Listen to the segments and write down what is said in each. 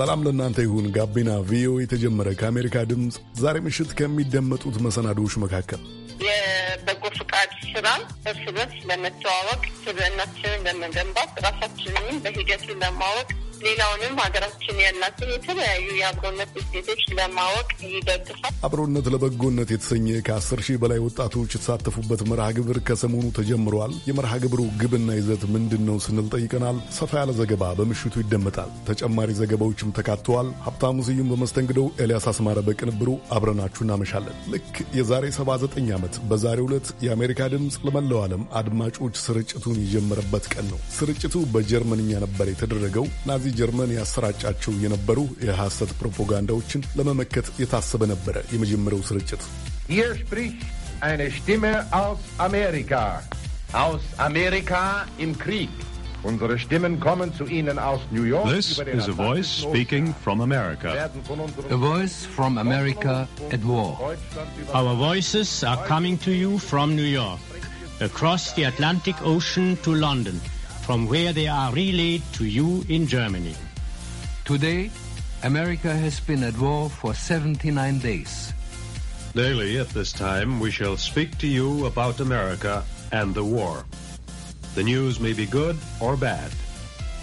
ሰላም ለእናንተ ይሁን። ጋቢና ቪኦኤ የተጀመረ ከአሜሪካ ድምፅ ዛሬ ምሽት ከሚደመጡት መሰናዶዎች መካከል የበጎ ፍቃድ ስራ እርስ በርስ ለመተዋወቅ፣ ስብዕናችንን ለመገንባት፣ ራሳችንን በሂደቱ ለማወቅ ሌላውንም ሀገራችን ያላትን የተለያዩ የአብሮነት እሴቶች ለማወቅ ይደግፋል። አብሮነት ለበጎነት የተሰኘ ከአስር ሺህ በላይ ወጣቶች የተሳተፉበት መርሃ ግብር ከሰሞኑ ተጀምረዋል። የመርሃ ግብሩ ግብና ይዘት ምንድን ነው ስንል ጠይቀናል። ሰፋ ያለ ዘገባ በምሽቱ ይደመጣል። ተጨማሪ ዘገባዎችም ተካተዋል። ሀብታሙ ስዩም በመስተንግዶው፣ ኤልያስ አስማረ በቅንብሩ አብረናችሁ እናመሻለን። ልክ የዛሬ 79 ዓመት በዛሬ ዕለት የአሜሪካ ድምፅ ለመላው ዓለም አድማጮች ስርጭቱን የጀመረበት ቀን ነው። ስርጭቱ በጀርመንኛ ነበር የተደረገው ናዚ ናዚ ጀርመን ያሰራጫቸው የነበሩ የሐሰት ፕሮፓጋንዳዎችን ለመመከት የታሰበ ነበረ የመጀመሪያው ስርጭት። Unsere Stimmen kommen zu Ihnen aus New York. This is a voice speaking from America. A voice from America at war. Our voices are coming to you from New York, across the Atlantic Ocean to London from where they are relayed to you in Germany. Today, America has been at war for 79 days. Daily at this time, we shall speak to you about America and the war. The news may be good or bad.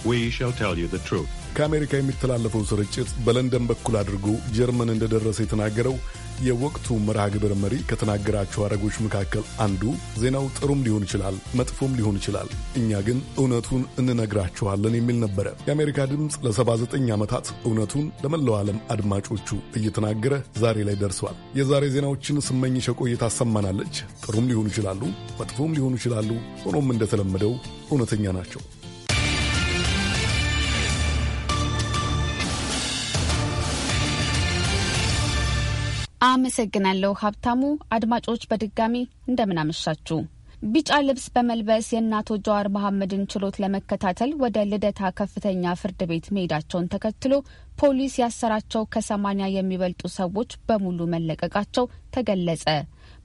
We shall tell you the truth. ከአሜሪካ የሚተላለፈው ስርጭት በለንደን በኩል አድርጎ ጀርመን እንደደረሰ የተናገረው የወቅቱ መርሃ ግብር መሪ ከተናገራቸው አረጎች መካከል አንዱ ዜናው ጥሩም ሊሆን ይችላል፣ መጥፎም ሊሆን ይችላል፣ እኛ ግን እውነቱን እንነግራችኋለን የሚል ነበረ። የአሜሪካ ድምፅ ለ79 ዓመታት እውነቱን ለመላው ዓለም አድማጮቹ እየተናገረ ዛሬ ላይ ደርሷል። የዛሬ ዜናዎችን ስመኝ ቆየ አሰማናለች። ጥሩም ሊሆኑ ይችላሉ፣ መጥፎም ሊሆኑ ይችላሉ። ሆኖም እንደተለመደው እውነተኛ ናቸው። አመሰግናለሁ ሀብታሙ። አድማጮች በድጋሚ እንደምናመሻችሁ። ቢጫ ልብስ በመልበስ የእናቶ ጀዋር መሐመድን ችሎት ለመከታተል ወደ ልደታ ከፍተኛ ፍርድ ቤት መሄዳቸውን ተከትሎ ፖሊስ ያሰራቸው ከሰማኒያ የሚበልጡ ሰዎች በሙሉ መለቀቃቸው ተገለጸ።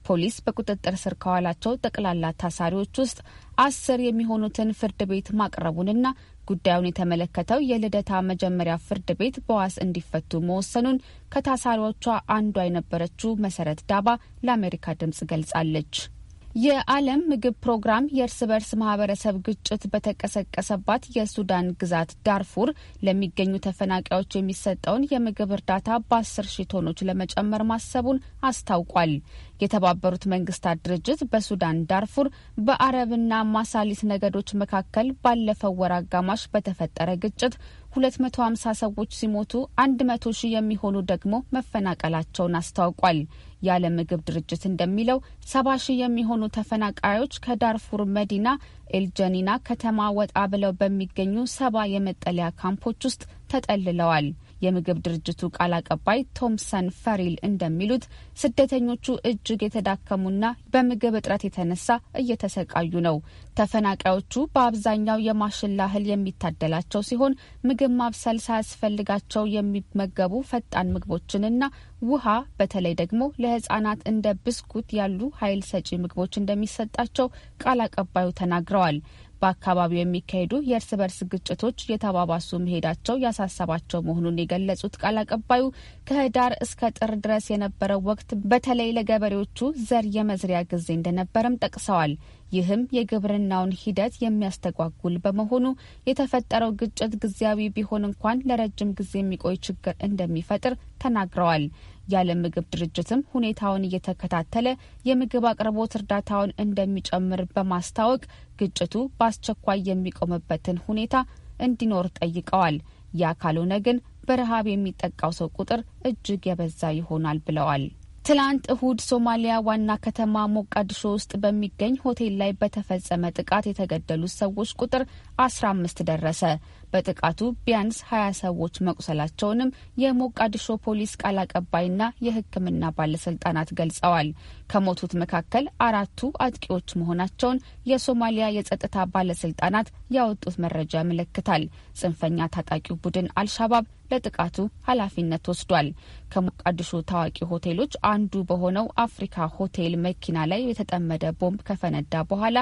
ፖሊስ በቁጥጥር ስር ከዋላቸው ጠቅላላ ታሳሪዎች ውስጥ አስር የሚሆኑትን ፍርድ ቤት ማቅረቡንና ጉዳዩን የተመለከተው የልደታ መጀመሪያ ፍርድ ቤት በዋስ እንዲፈቱ መወሰኑን ከታሳሪዎቿ አንዷ የነበረችው መሰረት ዳባ ለአሜሪካ ድምጽ ገልጻለች። የዓለም ምግብ ፕሮግራም የእርስ በርስ ማህበረሰብ ግጭት በተቀሰቀሰባት የሱዳን ግዛት ዳርፉር ለሚገኙ ተፈናቃዮች የሚሰጠውን የምግብ እርዳታ በአስር ሺህ ቶኖች ለመጨመር ማሰቡን አስታውቋል። የተባበሩት መንግስታት ድርጅት በሱዳን ዳርፉር በአረብና ማሳሊት ነገዶች መካከል ባለፈው ወር አጋማሽ በተፈጠረ ግጭት 250 ሰዎች ሲሞቱ 100 ሺህ የሚሆኑ ደግሞ መፈናቀላቸውን አስታውቋል። የዓለም ምግብ ድርጅት እንደሚለው 70 ሺህ የሚሆኑ ተፈናቃዮች ከዳርፉር መዲና ኤልጀኒና ከተማ ወጣ ብለው በሚገኙ ሰባ የመጠለያ ካምፖች ውስጥ ተጠልለዋል። የምግብ ድርጅቱ ቃል አቀባይ ቶምሰን ፈሪል እንደሚሉት ስደተኞቹ እጅግ የተዳከሙና በምግብ እጥረት የተነሳ እየተሰቃዩ ነው። ተፈናቃዮቹ በአብዛኛው የማሽላ እህል የሚታደላቸው ሲሆን ምግብ ማብሰል ሳያስፈልጋቸው የሚመገቡ ፈጣን ምግቦችንና ውሃ በተለይ ደግሞ ለህጻናት እንደ ብስኩት ያሉ ኃይል ሰጪ ምግቦች እንደሚሰጣቸው ቃል አቀባዩ ተናግረዋል። በአካባቢው የሚካሄዱ የእርስ በርስ ግጭቶች የተባባሱ መሄዳቸው ያሳሰባቸው መሆኑን የገለጹት ቃል አቀባዩ ከህዳር እስከ ጥር ድረስ የነበረው ወቅት በተለይ ለገበሬዎቹ ዘር የመዝሪያ ጊዜ እንደነበረም ጠቅሰዋል። ይህም የግብርናውን ሂደት የሚያስተጓጉል በመሆኑ የተፈጠረው ግጭት ጊዜያዊ ቢሆን እንኳን ለረጅም ጊዜ የሚቆይ ችግር እንደሚፈጥር ተናግረዋል። የዓለም ምግብ ድርጅትም ሁኔታውን እየተከታተለ የምግብ አቅርቦት እርዳታውን እንደሚጨምር በማስታወቅ ግጭቱ በአስቸኳይ የሚቆምበትን ሁኔታ እንዲኖር ጠይቀዋል። ያ ካልሆነ ግን በረሃብ የሚጠቃው ሰው ቁጥር እጅግ የበዛ ይሆናል ብለዋል። ትላንት እሁድ ሶማሊያ ዋና ከተማ ሞቃዲሾ ውስጥ በሚገኝ ሆቴል ላይ በተፈጸመ ጥቃት የተገደሉት ሰዎች ቁጥር አስራ አምስት ደረሰ። በጥቃቱ ቢያንስ ሀያ ሰዎች መቁሰላቸውንም የሞቃዲሾ ፖሊስ ቃል አቀባይና የሕክምና ባለስልጣናት ገልጸዋል። ከሞቱት መካከል አራቱ አጥቂዎች መሆናቸውን የሶማሊያ የጸጥታ ባለስልጣናት ያወጡት መረጃ ያመለክታል። ጽንፈኛ ታጣቂው ቡድን አልሻባብ ለጥቃቱ ኃላፊነት ወስዷል። ከሞቃዲሾ ታዋቂ ሆቴሎች አንዱ በሆነው አፍሪካ ሆቴል መኪና ላይ የተጠመደ ቦምብ ከፈነዳ በኋላ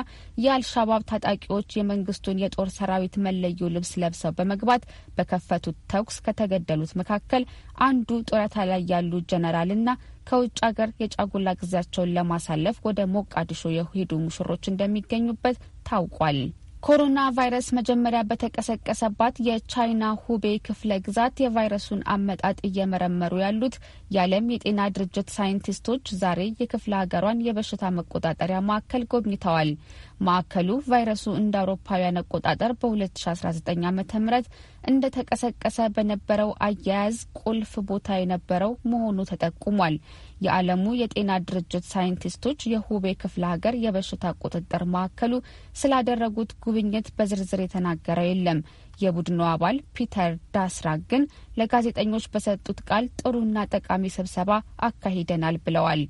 የአልሻባብ ታጣቂዎች የመንግስቱን የጦር ሰራዊት መለዮ ልብስ ለብ ደርሰው በመግባት በከፈቱት ተኩስ ከተገደሉት መካከል አንዱ ጡረታ ላይ ያሉ ጀነራልና ከውጭ አገር የጫጉላ ጊዜያቸውን ለማሳለፍ ወደ ሞቃዲሾ የሄዱ ሙሽሮች እንደሚገኙበት ታውቋል። ኮሮና ቫይረስ መጀመሪያ በተቀሰቀሰባት የቻይና ሁቤ ክፍለ ግዛት የቫይረሱን አመጣጥ እየመረመሩ ያሉት የዓለም የጤና ድርጅት ሳይንቲስቶች ዛሬ የክፍለ ሀገሯን የበሽታ መቆጣጠሪያ ማዕከል ጎብኝተዋል። ማዕከሉ ቫይረሱ እንደ አውሮፓውያን አቆጣጠር በ2019 ዓ ም እንደተቀሰቀሰ በነበረው አያያዝ ቁልፍ ቦታ የነበረው መሆኑ ተጠቁሟል። የዓለሙ የጤና ድርጅት ሳይንቲስቶች የሁቤ ክፍለ ሀገር የበሽታ ቁጥጥር ማዕከሉ ስላደረጉት ጉብኝት በዝርዝር የተናገረ የለም። የቡድኑ አባል ፒተር ዳስራ ግን ለጋዜጠኞች በሰጡት ቃል ጥሩና ጠቃሚ ስብሰባ አካሂደናል ብለዋል።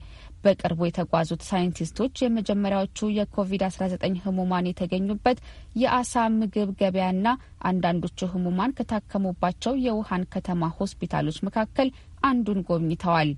በቅርቡ የተጓዙት ሳይንቲስቶች የመጀመሪያዎቹ የኮቪድ-19 ህሙማን የተገኙበት የአሳ ምግብ ገበያና አንዳንዶቹ ህሙማን ከታከሙባቸው የውሃን ከተማ ሆስፒታሎች መካከል አንዱን ጎብኝተዋል።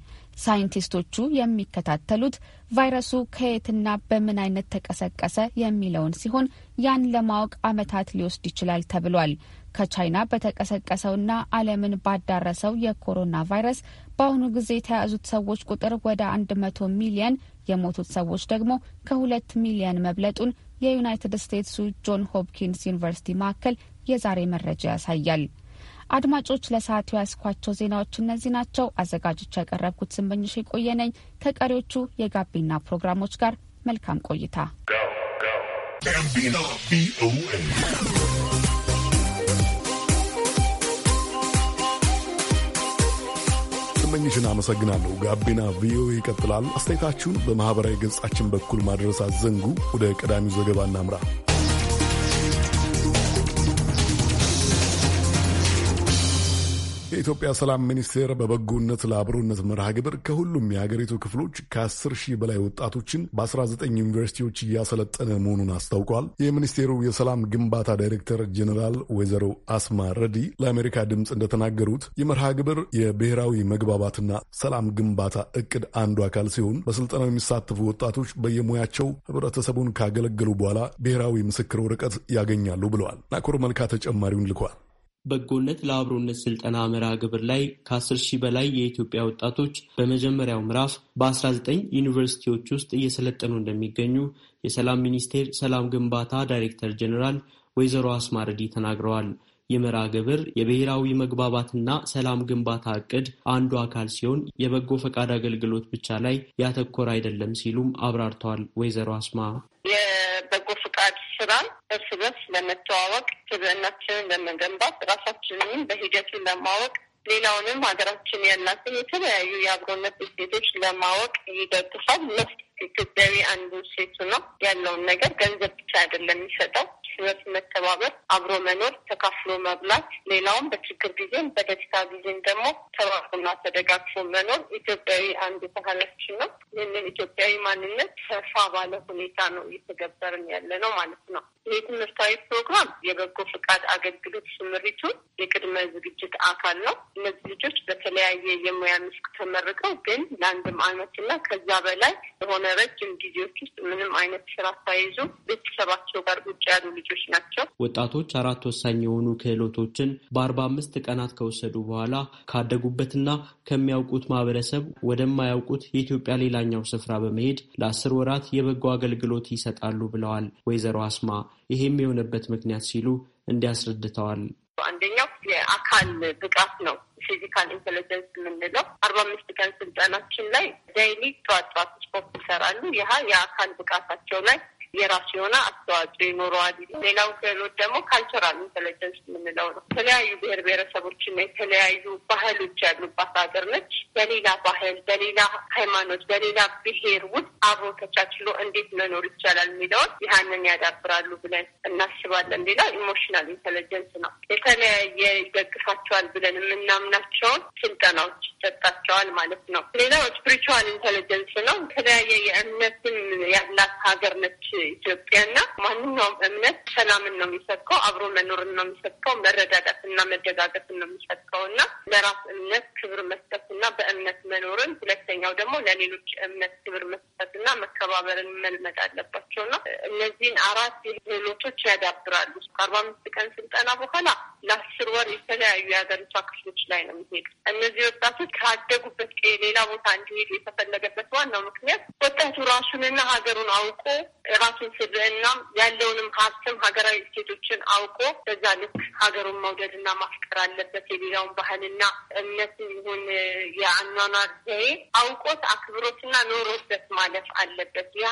ሳይንቲስቶቹ የሚከታተሉት ቫይረሱ ከየትና በምን አይነት ተቀሰቀሰ የሚለውን ሲሆን ያን ለማወቅ ዓመታት ሊወስድ ይችላል ተብሏል። ከቻይና በተቀሰቀሰውና ዓለምን ባዳረሰው የኮሮና ቫይረስ በአሁኑ ጊዜ የተያዙት ሰዎች ቁጥር ወደ አንድ መቶ ሚሊየን የሞቱት ሰዎች ደግሞ ከሁለት ሚሊየን መብለጡን የዩናይትድ ስቴትሱ ጆን ሆፕኪንስ ዩኒቨርሲቲ ማዕከል የዛሬ መረጃ ያሳያል። አድማጮች ለሰዓቱ ያስኳቸው ዜናዎች እነዚህ ናቸው። አዘጋጆች ያቀረብኩት ስመኝሽ ነኝ። ከቀሪዎቹ የጋቢና ፕሮግራሞች ጋር መልካም ቆይታ። ስመኝሽን አመሰግናለሁ። ጋቢና ቪኦኤ ይቀጥላል። አስተያየታችሁን በማኅበራዊ ገጻችን በኩል ማድረስ አዘንጉ። ወደ ቀዳሚው ዘገባ እናምራ። የኢትዮጵያ ሰላም ሚኒስቴር በበጎነት ለአብሮነት መርሃ ግብር ከሁሉም የሀገሪቱ ክፍሎች ከ10 ሺህ በላይ ወጣቶችን በ19 ዩኒቨርሲቲዎች እያሰለጠነ መሆኑን አስታውቋል። የሚኒስቴሩ የሰላም ግንባታ ዳይሬክተር ጀኔራል ወይዘሮ አስማ ረዲ ለአሜሪካ ድምፅ እንደተናገሩት የመርሃ ግብር የብሔራዊ መግባባትና ሰላም ግንባታ እቅድ አንዱ አካል ሲሆን በስልጠናው የሚሳተፉ ወጣቶች በየሙያቸው ህብረተሰቡን ካገለገሉ በኋላ ብሔራዊ ምስክር ወረቀት ያገኛሉ ብለዋል። ናኮር መልካ ተጨማሪውን ልኳል። በጎነት ለአብሮነት ስልጠና መርሃ ግብር ላይ ከ10 ሺህ በላይ የኢትዮጵያ ወጣቶች በመጀመሪያው ምዕራፍ በ19 ዩኒቨርሲቲዎች ውስጥ እየሰለጠኑ እንደሚገኙ የሰላም ሚኒስቴር ሰላም ግንባታ ዳይሬክተር ጀኔራል ወይዘሮ አስማረዲ ተናግረዋል። ይህ መርሃ ግብር የብሔራዊ መግባባትና ሰላም ግንባታ እቅድ አንዱ አካል ሲሆን የበጎ ፈቃድ አገልግሎት ብቻ ላይ ያተኮረ አይደለም ሲሉም አብራርተዋል። ወይዘሮ አስማ እርስ በርስ ለመተዋወቅ ስብዕናችንን ለመገንባት ራሳችንን በሂደቱ ለማወቅ ሌላውንም ሀገራችን ያላትን የተለያዩ የአብሮነት እሴቶች ለማወቅ ይደግፋል። መስ ኢትዮጵያዊ አንዱ እሴቱ ነው ያለውን ነገር ገንዘብ ብቻ አይደለም የሚሰጠው ህይወት መተባበር፣ አብሮ መኖር፣ ተካፍሎ መብላት፣ ሌላውም በችግር ጊዜም በደስታ ጊዜም ደግሞ ተባብሮና ተደጋግፎ መኖር ኢትዮጵያዊ አንዱ ባህላችን ነው። ይህንን ኢትዮጵያዊ ማንነት ሰፋ ባለ ሁኔታ ነው እየተገበርን ያለ ነው ማለት ነው። ይህ ትምህርታዊ ፕሮግራም የበጎ ፍቃድ አገልግሎት ስምሪቱን የቅድመ ዝግጅት አካል ነው። እነዚህ ልጆች በተለያየ የሙያ መስክ ተመርቀው ግን ለአንድም ዓመትና ከዛ በላይ የሆነ ረጅም ጊዜዎች ውስጥ ምንም አይነት ስራ ሳይዙ ቤተሰባቸው ጋር ውጭ ያሉ ልጆች ናቸው። ወጣቶች አራት ወሳኝ የሆኑ ክህሎቶችን በአርባ አምስት ቀናት ከወሰዱ በኋላ ካደጉበትና ከሚያውቁት ማህበረሰብ ወደማያውቁት የኢትዮጵያ ሌላኛው ስፍራ በመሄድ ለአስር ወራት የበጎ አገልግሎት ይሰጣሉ ብለዋል ወይዘሮ አስማ። ይሄም የሆነበት ምክንያት ሲሉ እንዲያስረድተዋል። አንደኛው የአካል ብቃት ነው። ፊዚካል ኢንቴሊጀንስ የምንለው አርባ አምስት ቀን ስልጠናችን ላይ ዳይሊ ጠዋት ጠዋት ስፖርት ይሰራሉ። ይህ የአካል ብቃታቸው ላይ የራሱ የሆነ አስተዋጽኦ ይኖረዋል። ሌላው ክህሎት ደግሞ ካልቸራል ኢንቴሊጀንስ የምንለው ነው። የተለያዩ ብሔር ብሔረሰቦችና የተለያዩ ባህሎች ያሉባት ሀገር ነች። በሌላ ባህል፣ በሌላ ሃይማኖት፣ በሌላ ብሔር ውስጥ አብሮ ተቻችሎ እንዴት መኖር ይቻላል የሚለውን ይህንን ያዳብራሉ ብለን እናስባለን። ሌላው ኢሞሽናል ኢንቴሊጀንስ ነው። የተለያየ ይደግፋቸዋል ብለን የምናምናቸውን ስልጠናዎች ይሰጣቸዋል ማለት ነው። ሌላው ስፕሪቹዋል ኢንቴሊጀንስ ነው። የተለያየ የእምነትም ያላት ሀገር ነች ኢትዮጵያና ማንኛውም እምነት ሰላምን ነው የሚሰብከው፣ አብሮ መኖርን ነው የሚሰብከው፣ መረዳዳትና መደጋገፍን ነው የሚሰብከው እና ለራስ እምነት ክብር መስጠት እና በእምነት መኖርን፣ ሁለተኛው ደግሞ ለሌሎች እምነት ክብር መስጠት እና መከባበርን መልመድ አለባቸው እና እነዚህን አራት ክህሎቶች ያዳብራሉ። ከአርባ አምስት ቀን ስልጠና በኋላ ለአስር ወር የተለያዩ የሀገሪቷ ክፍሎች ላይ ነው የሚሄዱ። እነዚህ ወጣቶች ካደጉበት ሌላ ቦታ እንዲሄዱ የተፈለገበት ዋናው ምክንያት ወጣቱ ራሱንና ሀገሩን አውቆ ራሱን ስብዕና ያለውንም ሀብትም ሀገራዊ እሴቶችን አውቆ በዛ ልክ ሀገሩን መውደድና ማፍቀር አለበት። የሌላውን ባህልና እምነት ይሁን የአኗኗር ዘዬ አውቆት አክብሮትና ኖሮበት ማለፍ አለበት። ያ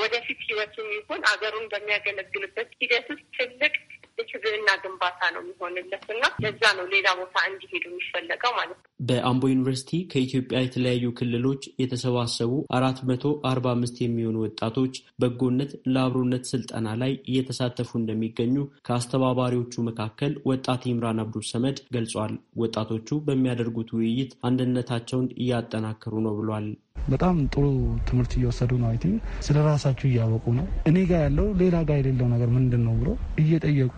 ወደፊት ህይወቱም ይሁን አገሩን በሚያገለግልበት ሂደት ውስጥ ትልቅ የስብዕና ግንባታ ነው የሚሆንለት እና ለዛ ነው ሌላ ቦታ እንዲሄዱ የሚፈለገው ማለት ነው። በአምቦ ዩኒቨርሲቲ ከኢትዮጵያ የተለያዩ ክልሎች የተሰባሰቡ አራት መቶ አርባ አምስት የሚሆኑ ወጣቶች በጎነት ለአብሮነት ስልጠና ላይ እየተሳተፉ እንደሚገኙ ከአስተባባሪዎቹ መካከል ወጣት ኢምራን አብዱ ሰመድ ገልጿል። ወጣቶቹ በሚያደርጉት ውይይት አንድነታቸውን እያጠናከሩ ነው ብሏል። በጣም ጥሩ ትምህርት እየወሰዱ ነው። አይ ቲንክ ስለ ራሳቸው እያወቁ ነው። እኔ ጋር ያለው ሌላ ጋር የሌለው ነገር ምንድን ነው ብሎ እየጠየቁ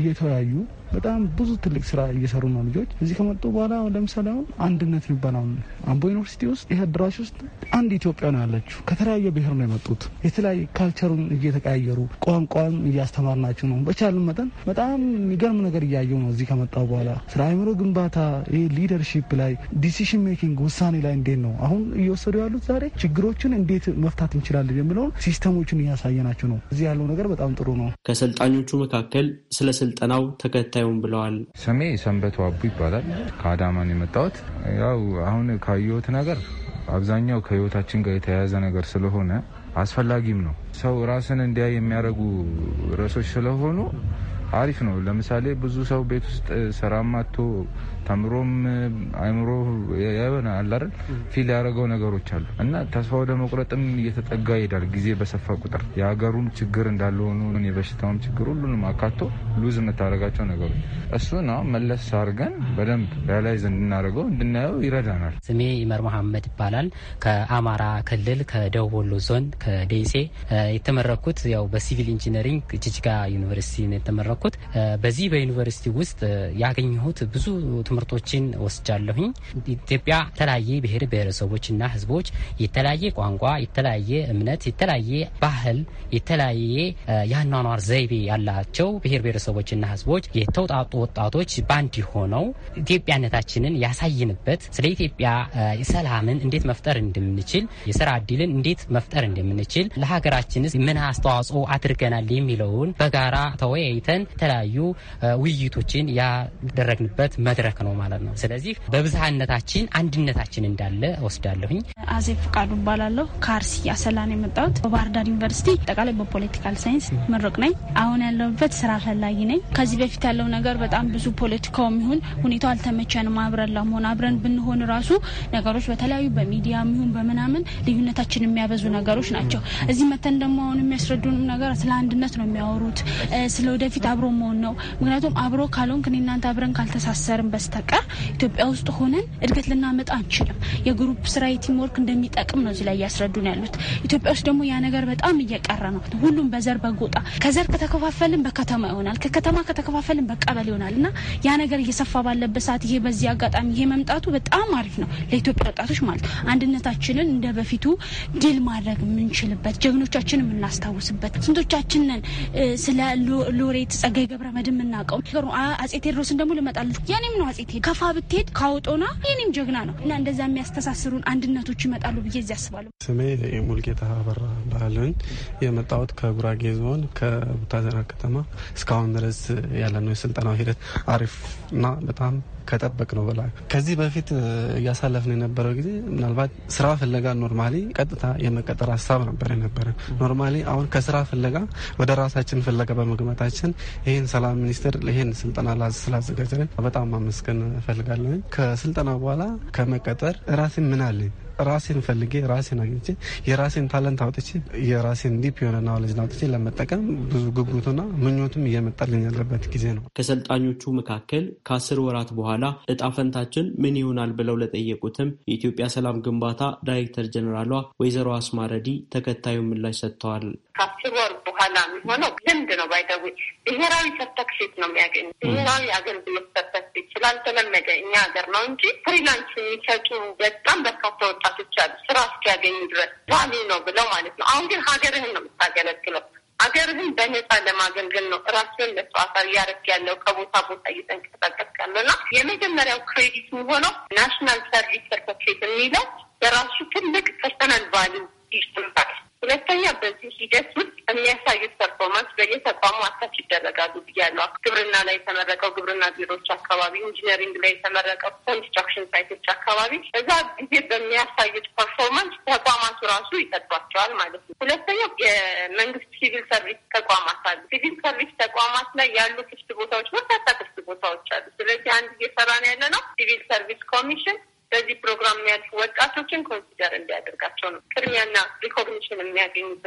እየተወያዩ በጣም ብዙ ትልቅ ስራ እየሰሩ ነው ልጆች እዚህ ከመጡ በኋላ ለምሳሌ አሁን አንድነት የሚባል አምቦ ዩኒቨርሲቲ ውስጥ ይህ አድራሽ ውስጥ አንድ ኢትዮጵያ ነው ያለችው። ከተለያየ ብሔር ነው የመጡት። የተለያየ ካልቸሩን እየተቀያየሩ ቋንቋን እያስተማርናቸው ነው። በቻልን መጠን በጣም የሚገርም ነገር እያየው ነው እዚህ ከመጣው በኋላ ስለ አእምሮ ግንባታ ይህ ሊደርሺፕ ላይ ዲሲሽን ሜኪንግ ውሳኔ ላይ እንዴት ነው አሁን እየወሰዱ ያሉት ዛሬ ችግሮችን እንዴት መፍታት እንችላለን የሚለውን ሲስተሞችን እያሳየናቸው ነው። እዚህ ያለው ነገር በጣም ጥሩ ነው። ከሰልጣኞቹ መካከል ስለ ስልጠናው ተከታዩም ብለዋል። ስሜ ሰንበት አቡ ይባላል። ከአዳማን የመጣሁት ያው አሁን ካየሁት ነገር አብዛኛው ከህይወታችን ጋር የተያያዘ ነገር ስለሆነ አስፈላጊም ነው። ሰው ራስን እንዲያ የሚያደርጉ ርዕሶች ስለሆኑ አሪፍ ነው። ለምሳሌ ብዙ ሰው ቤት ውስጥ ስራ አቶ ተምሮም አይምሮ የሆነ አላረ ፊል ያደረገው ነገሮች አሉ እና ተስፋ ወደ መቁረጥም እየተጠጋ ይሄዳል። ጊዜ በሰፋ ቁጥር የሀገሩም ችግር እንዳለ ሆኖ የበሽታውም ችግር ሁሉንም አካቶ ሉዝ የምታደርጋቸው ነገሮች እሱ ነው። መለስ አድርገን በደንብ ሪያላይዝ እንድናደርገው እንድናየው ይረዳናል። ስሜ ይመር መሐመድ ይባላል። ከአማራ ክልል ከደቡብ ወሎ ዞን ከደሴ የተመረኩት ያው በሲቪል ኢንጂነሪንግ ጅጅጋ ዩኒቨርሲቲ ነው የተመረኩት። የተመረቅኩት። በዚህ በዩኒቨርሲቲ ውስጥ ያገኘሁት ብዙ ትምህርቶችን ወስጃለሁኝ። ኢትዮጵያ የተለያየ ብሔር ብሔረሰቦችና ህዝቦች የተለያየ ቋንቋ፣ የተለያየ እምነት፣ የተለያየ ባህል፣ የተለያየ የአኗኗር ዘይቤ ያላቸው ብሔር ብሔረሰቦችና ህዝቦች የተውጣጡ ወጣቶች ባንድ ሆነው ኢትዮጵያነታችንን ያሳይንበት ስለ ኢትዮጵያ ሰላምን እንዴት መፍጠር እንደምንችል የስራ እድልን እንዴት መፍጠር እንደምንችል ለሀገራችንስ ምን አስተዋጽኦ አድርገናል የሚለውን በጋራ ተወያይተን የተለያዩ ውይይቶችን ያደረግንበት መድረክ ነው ማለት ነው። ስለዚህ በብዝሃነታችን አንድነታችን እንዳለ ወስዳለሁኝ። አዜብ ፍቃዱ እባላለሁ። ከአርሲ አሰላን የመጣሁት በባህርዳር ዩኒቨርሲቲ አጠቃላይ በፖለቲካል ሳይንስ ምሩቅ ነኝ። አሁን ያለሁበት ስራ ፈላጊ ነኝ። ከዚህ በፊት ያለው ነገር በጣም ብዙ ፖለቲካውም ይሁን ሁኔታው አልተመቸንም። አብረን ለመሆን አብረን ብንሆን ራሱ ነገሮች በተለያዩ በሚዲያ ይሁን በምናምን ልዩነታችን የሚያበዙ ነገሮች ናቸው። እዚህ መተን ደግሞ አሁን የሚያስረዱንም ነገር ስለ አንድነት ነው የሚያወሩት ስለ ወደፊት አብሮ መሆን ነው። ምክንያቱም አብሮ ካልሆንክ እኔ እናንተ አብረን ካልተሳሰርን በስተቀር ኢትዮጵያ ውስጥ ሆነን እድገት ልናመጣ አንችልም። የግሩፕ ስራ የቲምወርክ እንደሚጠቅም ነው እዚህ ላይ እያስረዱን ያሉት። ኢትዮጵያ ውስጥ ደግሞ ያ ነገር በጣም እየቀረ ነው። ሁሉም በዘር በጎጣ ከዘር ከተከፋፈልን በከተማ ይሆናል፣ ከከተማ ከተከፋፈልን በቀበሌ ይሆናል እና ያ ነገር እየሰፋ ባለበት ሰዓት ይሄ በዚህ አጋጣሚ ይሄ መምጣቱ በጣም አሪፍ ነው ለኢትዮጵያ ወጣቶች ማለት ነው። አንድነታችንን እንደ በፊቱ ድል ማድረግ የምንችልበት ጀግኖቻችን የምናስታውስበት ስንቶቻችንን ስለ ሎሬት ጸጋዬ ገብረ መድን የምናውቀው አጼ ቴዎድሮስን ደግሞ ልመጣለት የኔም ነው አጼ ቴድ ከፋ ብትሄድ ካውጦና የኔም ጀግና ነው እና እንደዛ የሚያስተሳስሩን አንድነቶች ይመጣሉ ብዬ እዚህ አስባለሁ። ስሜ ሙልጌታ አበራ ባህልን የመጣሁት ከጉራጌ ዞን ከቡታዘና ከተማ እስካሁን ድረስ ያለነው የስልጠናው ሂደት አሪፍ እና በጣም ከጠበቅ ነው በላይ ከዚህ በፊት እያሳለፍን የነበረው ጊዜ ምናልባት ስራ ፍለጋ ኖርማሊ ቀጥታ የመቀጠር ሀሳብ ነበር የነበረ። ኖርማሊ አሁን ከስራ ፍለጋ ወደ ራሳችን ፍለጋ በመግመታችን ይህን ሰላም ሚኒስቴር ይህን ስልጠና ስላዘጋጀልን በጣም ማመስገን እፈልጋለሁ። ከስልጠና በኋላ ከመቀጠር ራሴን ምን አለኝ ራሴን ፈልጌ ራሴን አግኝቼ የራሴን ታለንት አውጥቼ የራሴን ዲፕ የሆነ ናውሌጅ አውጥቼ ለመጠቀም ብዙ ጉጉቱና ምኞቱም እየመጣልኝ ያለበት ጊዜ ነው። ከሰልጣኞቹ መካከል ከአስር ወራት በኋላ እጣፈንታችን ምን ይሆናል ብለው ለጠየቁትም የኢትዮጵያ ሰላም ግንባታ ዳይሬክተር ጀኔራሏ ወይዘሮ አስማረዲ ተከታዩ ምላሽ ሰጥተዋል። ከአስር ወር በኋላ የሚሆነው ልምድ ነው። ባይደዊ ብሔራዊ ሰርተክሽት ነው የሚያገኙ ብሔራዊ አገልግሎት ሰርተክሽት ስላልተለመደ እኛ ሀገር ነው እንጂ ፍሪላንስ የሚሰጡ በጣም በርካታ ወጣቶች አሉ ስራ እስኪያገኙ ድረስ ዋሊ ነው ብለው ማለት ነው። አሁን ግን ሀገርህን ነው የምታገለግለው። ሀገርህን በነፃ ለማገልገል ነው ራሱን መስዋዕት እያረግ ያለው ከቦታ ቦታ እየተንቀሳቀስክ ያለው እና የመጀመሪያው ክሬዲት የሚሆነው ናሽናል ሰርቪስ ሰርተፊኬት የሚለው በራሱ ትልቅ ፐርሰናል ቫሉ ይጭምታል ሁለተኛ በዚህ ሂደት ውስጥ የሚያሳዩት ፐርፎርማንስ በየተቋሙ አሳች ይደረጋሉ ብያለሁ። ግብርና ላይ የተመረቀው ግብርና ቢሮዎች አካባቢ፣ ኢንጂነሪንግ ላይ የተመረቀው ኮንስትራክሽን ሳይቶች አካባቢ እዛ ጊዜ በሚያሳዩት ፐርፎርማንስ ተቋማቱ ራሱ ይጠጧቸዋል ማለት ነው። ሁለተኛው የመንግስት ሲቪል ሰርቪስ ተቋማት አሉ። ሲቪል ሰርቪስ ተቋማት ላይ ያሉ ክፍት ቦታዎች በርካታ ክፍት ቦታዎች አሉ። ስለዚህ አንድ እየሰራን ያለ ነው ሲቪል ሰርቪስ ኮሚሽን በዚህ ፕሮግራም የሚያልፉ ወጣት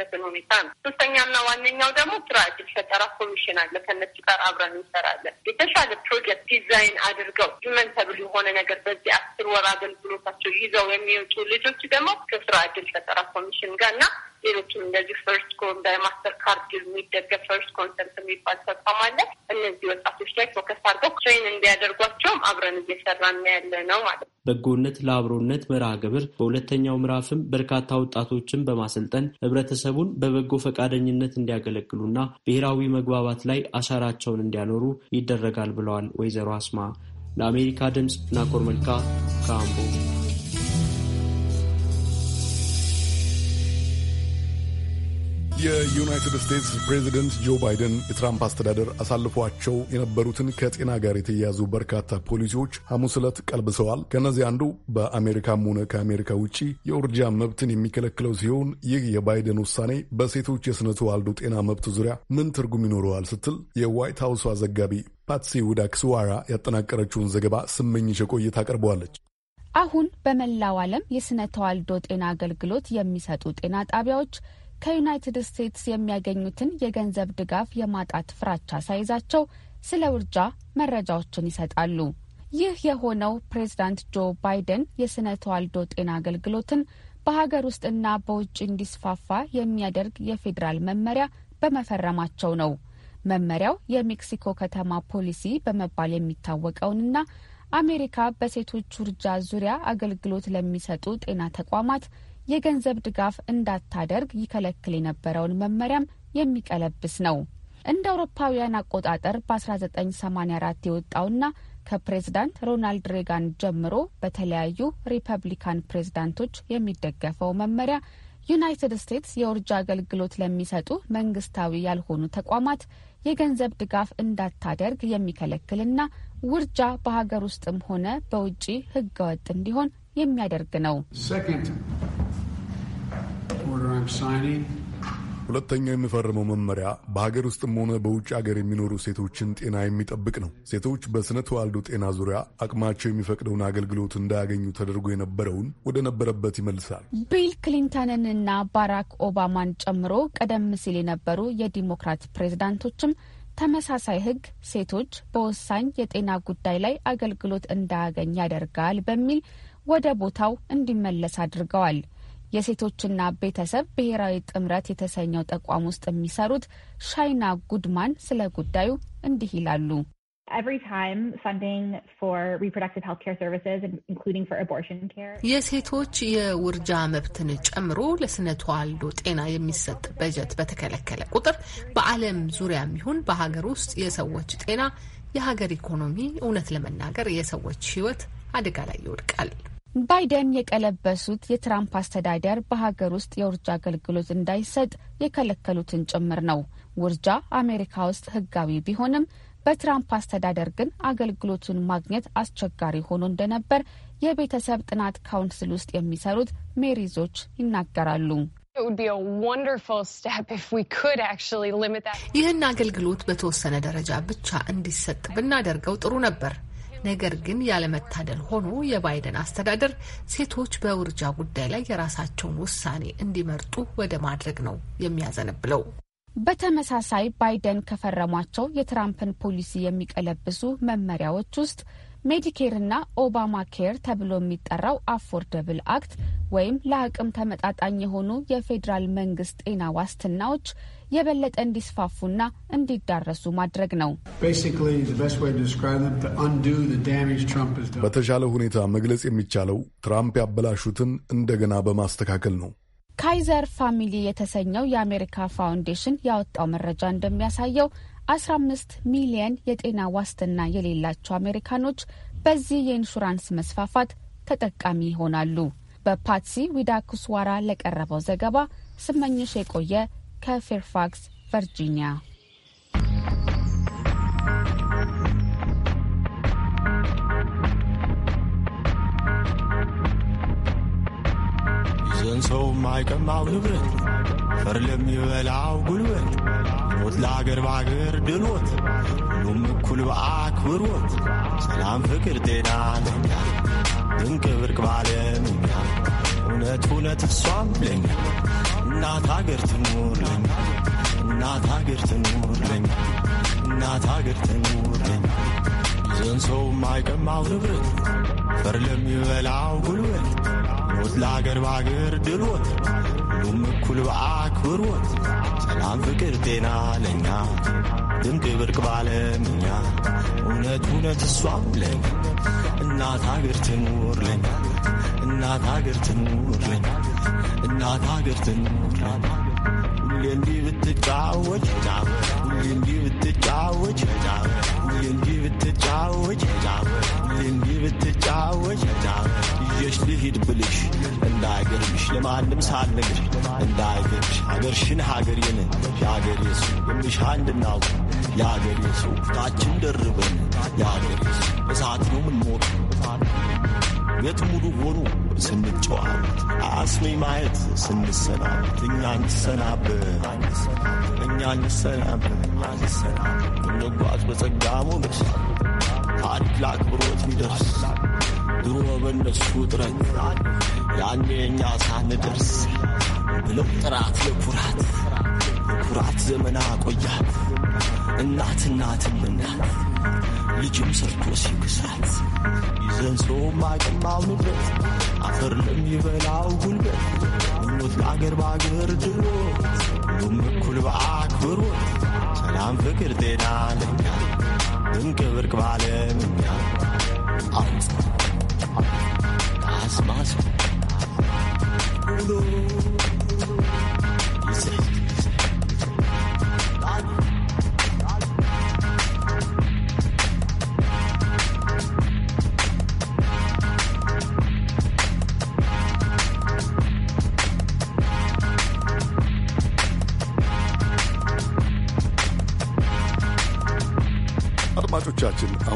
ያለብን ሁኔታ ነው። ሶስተኛና ዋነኛው ደግሞ ስራ እድል ፈጠራ ኮሚሽን አለ። ከነሱ ጋር አብረን እንሰራለን። የተሻለ ፕሮጀክት ዲዛይን አድርገው ጅመን ተብሎ የሆነ ነገር በዚህ አስር ወር አገልግሎታቸው ይዘው የሚወጡ ልጆች ደግሞ ከስራ እድል ፈጠራ ኮሚሽን ጋር እና ሌሎችም እንደዚህ ፈርስት ኮን በማስተር ካርድ የሚደገፍ ፈርስት ኮንሰርት የሚባል ተቋም አለ። እነዚህ ወጣቶች ላይ ፎከስ አድርገው ትሬን እንዲያደርጓቸው እሱንም አብረን እየሰራን ያለ ነው ማለት ነው። በጎነት ለአብሮነት መርሃ ግብር በሁለተኛው ምዕራፍም በርካታ ወጣቶችን በማሰልጠን ህብረተሰቡን በበጎ ፈቃደኝነት እንዲያገለግሉና ብሔራዊ መግባባት ላይ አሻራቸውን እንዲያኖሩ ይደረጋል ብለዋል ወይዘሮ አስማ። ለአሜሪካ ድምፅ ናኮር መልካ ከአምቦ የዩናይትድ ስቴትስ ፕሬዚደንት ጆ ባይደን የትራምፕ አስተዳደር አሳልፏቸው የነበሩትን ከጤና ጋር የተያያዙ በርካታ ፖሊሲዎች ሐሙስ ዕለት ቀልብሰዋል። ከእነዚህ አንዱ በአሜሪካም ሆነ ከአሜሪካ ውጭ የውርጃ መብትን የሚከለክለው ሲሆን ይህ የባይደን ውሳኔ በሴቶች የስነ ተዋልዶ ጤና መብት ዙሪያ ምን ትርጉም ይኖረዋል ስትል የዋይት ሀውሷ ዘጋቢ ፓትሲ ውዳክስዋራ ያጠናቀረችውን ዘገባ ስመኝሽ ቆይታ አቅርበዋለች። አሁን በመላው ዓለም የስነ ተዋልዶ ጤና አገልግሎት የሚሰጡ ጤና ጣቢያዎች ከዩናይትድ ስቴትስ የሚያገኙትን የገንዘብ ድጋፍ የማጣት ፍራቻ ሳይዛቸው ስለ ውርጃ መረጃዎችን ይሰጣሉ። ይህ የሆነው ፕሬዝዳንት ጆ ባይደን የስነ ተዋልዶ ጤና አገልግሎትን በሀገር ውስጥና በውጭ እንዲስፋፋ የሚያደርግ የፌዴራል መመሪያ በመፈረማቸው ነው። መመሪያው የሜክሲኮ ከተማ ፖሊሲ በመባል የሚታወቀውንና አሜሪካ በሴቶች ውርጃ ዙሪያ አገልግሎት ለሚሰጡ ጤና ተቋማት የገንዘብ ድጋፍ እንዳታደርግ ይከለክል የነበረውን መመሪያም የሚቀለብስ ነው። እንደ አውሮፓውያን አቆጣጠር በ1984 የወጣውና ከፕሬዝዳንት ሮናልድ ሬጋን ጀምሮ በተለያዩ ሪፐብሊካን ፕሬዝዳንቶች የሚደገፈው መመሪያ ዩናይትድ ስቴትስ የውርጃ አገልግሎት ለሚሰጡ መንግስታዊ ያልሆኑ ተቋማት የገንዘብ ድጋፍ እንዳታደርግ የሚከለክልና ውርጃ በሀገር ውስጥም ሆነ በውጪ ህገወጥ እንዲሆን የሚያደርግ ነው። ሁለተኛው የምፈርመው መመሪያ በሀገር ውስጥም ሆነ በውጭ ሀገር የሚኖሩ ሴቶችን ጤና የሚጠብቅ ነው። ሴቶች በስነ ተዋልዶ ጤና ዙሪያ አቅማቸው የሚፈቅደውን አገልግሎት እንዳያገኙ ተደርጎ የነበረውን ወደ ነበረበት ይመልሳል። ቢል ክሊንተንንና ባራክ ኦባማን ጨምሮ ቀደም ሲል የነበሩ የዲሞክራት ፕሬዝዳንቶችም ተመሳሳይ ህግ ሴቶች በወሳኝ የጤና ጉዳይ ላይ አገልግሎት እንዳያገኝ ያደርጋል በሚል ወደ ቦታው እንዲመለስ አድርገዋል። የሴቶችና ቤተሰብ ብሔራዊ ጥምረት የተሰኘው ተቋም ውስጥ የሚሰሩት ሻይና ጉድማን ስለ ጉዳዩ እንዲህ ይላሉ። የሴቶች የውርጃ መብትን ጨምሮ ለስነ ተዋልዶ ጤና የሚሰጥ በጀት በተከለከለ ቁጥር በዓለም ዙሪያም ይሁን በሀገር ውስጥ የሰዎች ጤና፣ የሀገር ኢኮኖሚ፣ እውነት ለመናገር የሰዎች ሕይወት አደጋ ላይ ይወድቃል። ባይደን የቀለበሱት የትራምፕ አስተዳደር በሀገር ውስጥ የውርጃ አገልግሎት እንዳይሰጥ የከለከሉትን ጭምር ነው። ውርጃ አሜሪካ ውስጥ ሕጋዊ ቢሆንም በትራምፕ አስተዳደር ግን አገልግሎቱን ማግኘት አስቸጋሪ ሆኖ እንደነበር የቤተሰብ ጥናት ካውንስል ውስጥ የሚሰሩት ሜሪዞች ይናገራሉ። ይህን አገልግሎት በተወሰነ ደረጃ ብቻ እንዲሰጥ ብናደርገው ጥሩ ነበር። ነገር ግን ያለመታደል ሆኖ የባይደን አስተዳደር ሴቶች በውርጃ ጉዳይ ላይ የራሳቸውን ውሳኔ እንዲመርጡ ወደ ማድረግ ነው የሚያዘነብለው። በተመሳሳይ ባይደን ከፈረሟቸው የትራምፕን ፖሊሲ የሚቀለብሱ መመሪያዎች ውስጥ ሜዲኬርና ኦባማ ኬር ተብሎ የሚጠራው አፎርደብል አክት ወይም ለአቅም ተመጣጣኝ የሆኑ የፌዴራል መንግስት ጤና ዋስትናዎች የበለጠ እንዲስፋፉና እንዲዳረሱ ማድረግ ነው። በተሻለ ሁኔታ መግለጽ የሚቻለው ትራምፕ ያበላሹትን እንደገና በማስተካከል ነው። ካይዘር ፋሚሊ የተሰኘው የአሜሪካ ፋውንዴሽን ያወጣው መረጃ እንደሚያሳየው 15 ሚሊየን የጤና ዋስትና የሌላቸው አሜሪካኖች በዚህ የኢንሹራንስ መስፋፋት ተጠቃሚ ይሆናሉ። በፓትሲ ዊዳኩስዋራ ለቀረበው ዘገባ ስመኝሽ የቆየ ከፌርፋክስ ቨርጂኒያ። ይዘን ሰው ማይቀማው ንብረት ፈር ለሚበላው ጉልበት ሞት ለአገር በአገር ድሎት ሁሉም እኩል በአክብሮት ሰላም፣ ፍቅር፣ ጤና ለኛ ድንቅ ብርቅ ባለም እውነት እውነት እሷም ለኛ እናት ሀገር ትኑር ለኛ እናት ሀገር ትኑር ለኛ እናት ሀገር ትኑር ለኛ ዘን ሰው ማይቀማው ንብረት ፈር ለሚበላው ጉልበት ሞት ለአገር በአገር ድልወት ሁሉም እኩል በአክብሮት ሰላም ፍቅር ጤና ለኛ ድንቅ ብርቅ ባለምኛ እውነት እውነት እሷ እናት ሀገር ትኑር ለኛ እናት ሀገር ትኑር ለኛ እናት ሀገር ትኑር ሁሌ እንዲህ ብትጫወች ሁሌ እንዲህ ብትጫወች ሁሌ እንዲህ ብትጫወች ሁሌ እንዲህ ብትጫወች ይዤሽ ልሂድ ብልሽ እንዳይገርምሽ ለማንም እንዳይገርምሽ ሀገርሽን ሀገሬን የአገሬ የምልሽ የአገሬ ሰው ታችን ደርበን የአገሬ ሰው እሳት ነው ምንሞት ቤት ሙሉ ሆኑ ስንጨዋወት አስሜ ማየት ስንሰናበት እኛ እንሰናበት እኛ እንሰናበት እንጓዝ በጸጋ ሞገስ ታድላ አክብሮት ሚደርስ ድሮ በነሱ ጥረት ያኔ እኛ ሳንደርስ ብለው ጥራት ለኩራት ኩራት ዘመና ቆያት እናት እናትም እናት ልጅም ሰርቶ ሲክሳት ይዘን ሰው ማቅማው ንብረት አፈር ለሚበላው ጉልበት ምኞት ለአገር በአገር ድሎ ሁሉም እኩል በአክብሮት ሰላም፣ ፍቅር፣ ጤና ለኛ ድንቅ ብርቅ ባለምኛ አውት ታስማስ ውሎ ይዘ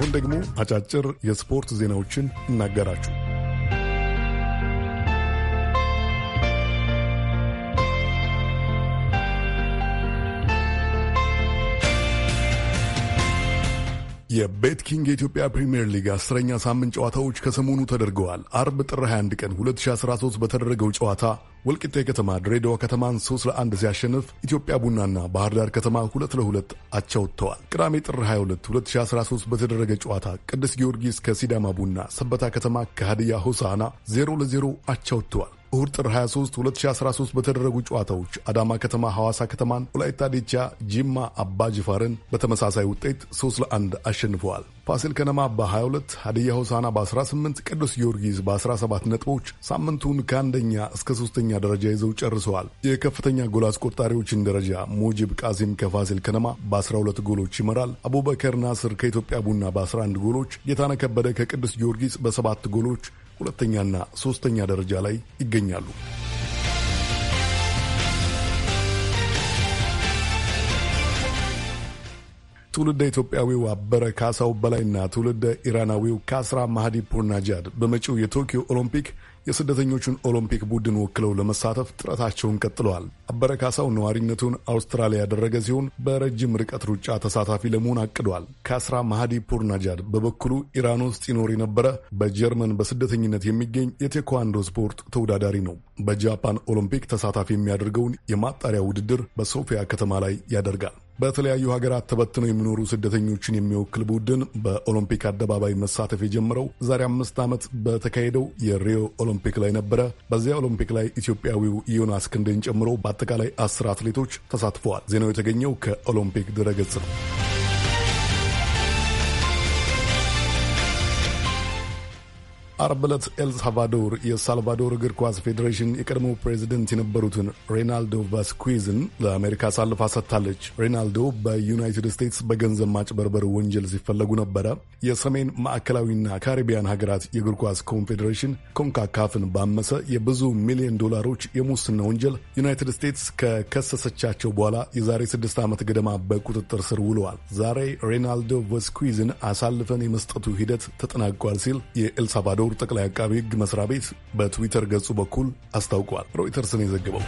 አሁን ደግሞ አጫጭር የስፖርት ዜናዎችን እናገራችሁ። የቤት ኪንግ የኢትዮጵያ ፕሪምየር ሊግ አስረኛ ሳምንት ጨዋታዎች ከሰሞኑ ተደርገዋል። አርብ ጥር 21 ቀን 2013 በተደረገው ጨዋታ ወልቂጤ ከተማ ድሬዳዋ ከተማን 3 ለ1 ሲያሸንፍ ኢትዮጵያ ቡናና ባህር ዳር ከተማ 2 ለ2 አቻ ወጥተዋል። ቅዳሜ ጥር 22 2013 በተደረገ ጨዋታ ቅዱስ ጊዮርጊስ ከሲዳማ ቡና፣ ሰበታ ከተማ ከሃዲያ ሆሳና 0 ለ0 አቻ ወጥተዋል። እሁድ ጥር 23 2013 በተደረጉ ጨዋታዎች አዳማ ከተማ ሐዋሳ ከተማን፣ ወላይታ ዲቻ ጂማ አባ ጅፋርን በተመሳሳይ ውጤት 3 ለአንድ አሸንፈዋል። ፋሲል ከነማ በ22 ሀዲያ ሆሳና በ18 ቅዱስ ጊዮርጊስ በ17 ነጥቦች ሳምንቱን ከአንደኛ እስከ ሶስተኛ ደረጃ ይዘው ጨርሰዋል። የከፍተኛ ጎል አስቆጣሪዎችን ደረጃ ሙጂብ ቃሲም ከፋሲል ከነማ በ12 ጎሎች ይመራል። አቡበከር ናስር ከኢትዮጵያ ቡና በ11 ጎሎች፣ ጌታነ ከበደ ከቅዱስ ጊዮርጊስ በሰባት ጎሎች ሁለተኛና ሶስተኛ ደረጃ ላይ ይገኛሉ። ትውልደ ኢትዮጵያዊው አበረ ካሳው በላይና ትውልደ ኢራናዊው ካስራ ማህዲ ፑርናጃድ በመጪው የቶኪዮ ኦሎምፒክ የስደተኞቹን ኦሎምፒክ ቡድን ወክለው ለመሳተፍ ጥረታቸውን ቀጥለዋል። አበረ ካሳው ነዋሪነቱን አውስትራሊያ ያደረገ ሲሆን በረጅም ርቀት ሩጫ ተሳታፊ ለመሆን አቅዷል። ካስራ ማህዲ ፑርናጃድ በበኩሉ ኢራን ውስጥ ይኖር የነበረ በጀርመን በስደተኝነት የሚገኝ የቴኳንዶ ስፖርት ተወዳዳሪ ነው። በጃፓን ኦሎምፒክ ተሳታፊ የሚያደርገውን የማጣሪያ ውድድር በሶፊያ ከተማ ላይ ያደርጋል። በተለያዩ ሀገራት ተበትነው የሚኖሩ ስደተኞችን የሚወክል ቡድን በኦሎምፒክ አደባባይ መሳተፍ የጀመረው ዛሬ አምስት ዓመት በተካሄደው የሪዮ ኦሎምፒክ ላይ ነበረ። በዚያ ኦሎምፒክ ላይ ኢትዮጵያዊው ዮናስ ክንዴን ጨምሮ በአጠቃላይ አስር አትሌቶች ተሳትፈዋል። ዜናው የተገኘው ከኦሎምፒክ ድረገጽ ነው። አርብ ዕለት ኤልሳልቫዶር የሳልቫዶር እግር ኳስ ፌዴሬሽን የቀድሞ ፕሬዚደንት የነበሩትን ሬናልዶ ቫስኩዝን ለአሜሪካ አሳልፋ ሰጥታለች። ሬናልዶ በዩናይትድ ስቴትስ በገንዘብ ማጭበርበር ወንጀል ሲፈለጉ ነበረ። የሰሜን ማዕከላዊና ካሪቢያን ሀገራት የእግር ኳስ ኮንፌዴሬሽን ኮንካካፍን ባመሰ የብዙ ሚሊዮን ዶላሮች የሙስና ወንጀል ዩናይትድ ስቴትስ ከከሰሰቻቸው በኋላ የዛሬ ስድስት ዓመት ገደማ በቁጥጥር ስር ውለዋል። ዛሬ ሬናልዶ ቫስኩዝን አሳልፈን የመስጠቱ ሂደት ተጠናቋል ሲል የኤልሳልቫዶር የአገር ጠቅላይ አቃቢ ሕግ መስሪያ ቤት በትዊተር ገጹ በኩል አስታውቋል። ሮይተርስን የዘግበው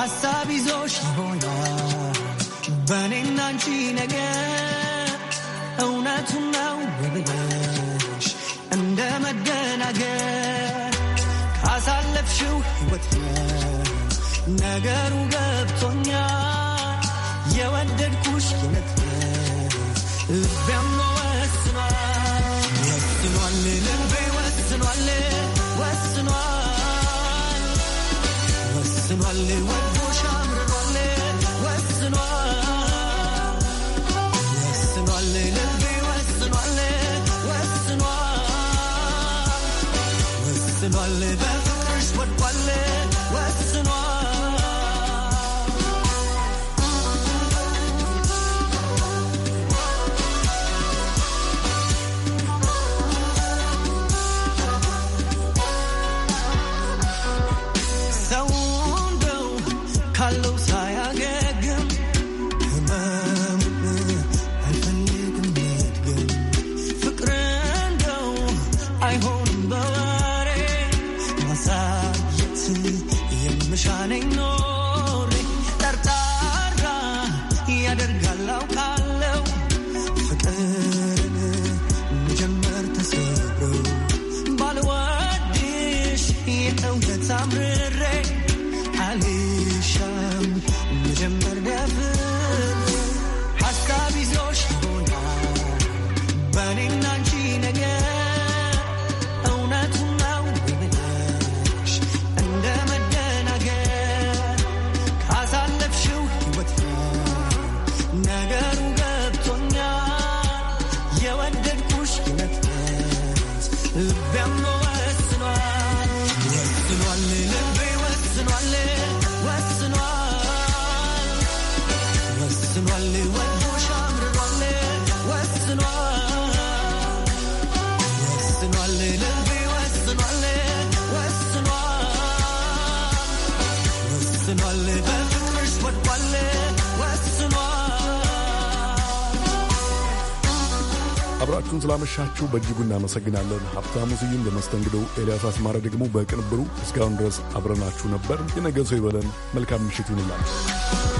ሀሳብ ይዞሽ ሆና በእኔና አንቺ ነገ እውነቱን ነው ብብለሽ እንደ መደናገር ካሳለፍሽው ሕይወት ነገሩ ገብቶኛል የወደድኩሽ ይነት ልቤም ወስኗል ወስኗል ልቤ ወስኗል ወስኗል ወስኗል shining north. አብራችሁን ስላመሻችሁ በእጅጉ እናመሰግናለን። ሀብታሙ ስዩም በመስተንግዶው፣ ኤልያስ አስማረ ደግሞ በቅንብሩ። እስካሁን ድረስ አብረናችሁ ነበር። የነገ ሰው ይበለን። መልካም ምሽት ይሁንላችሁ።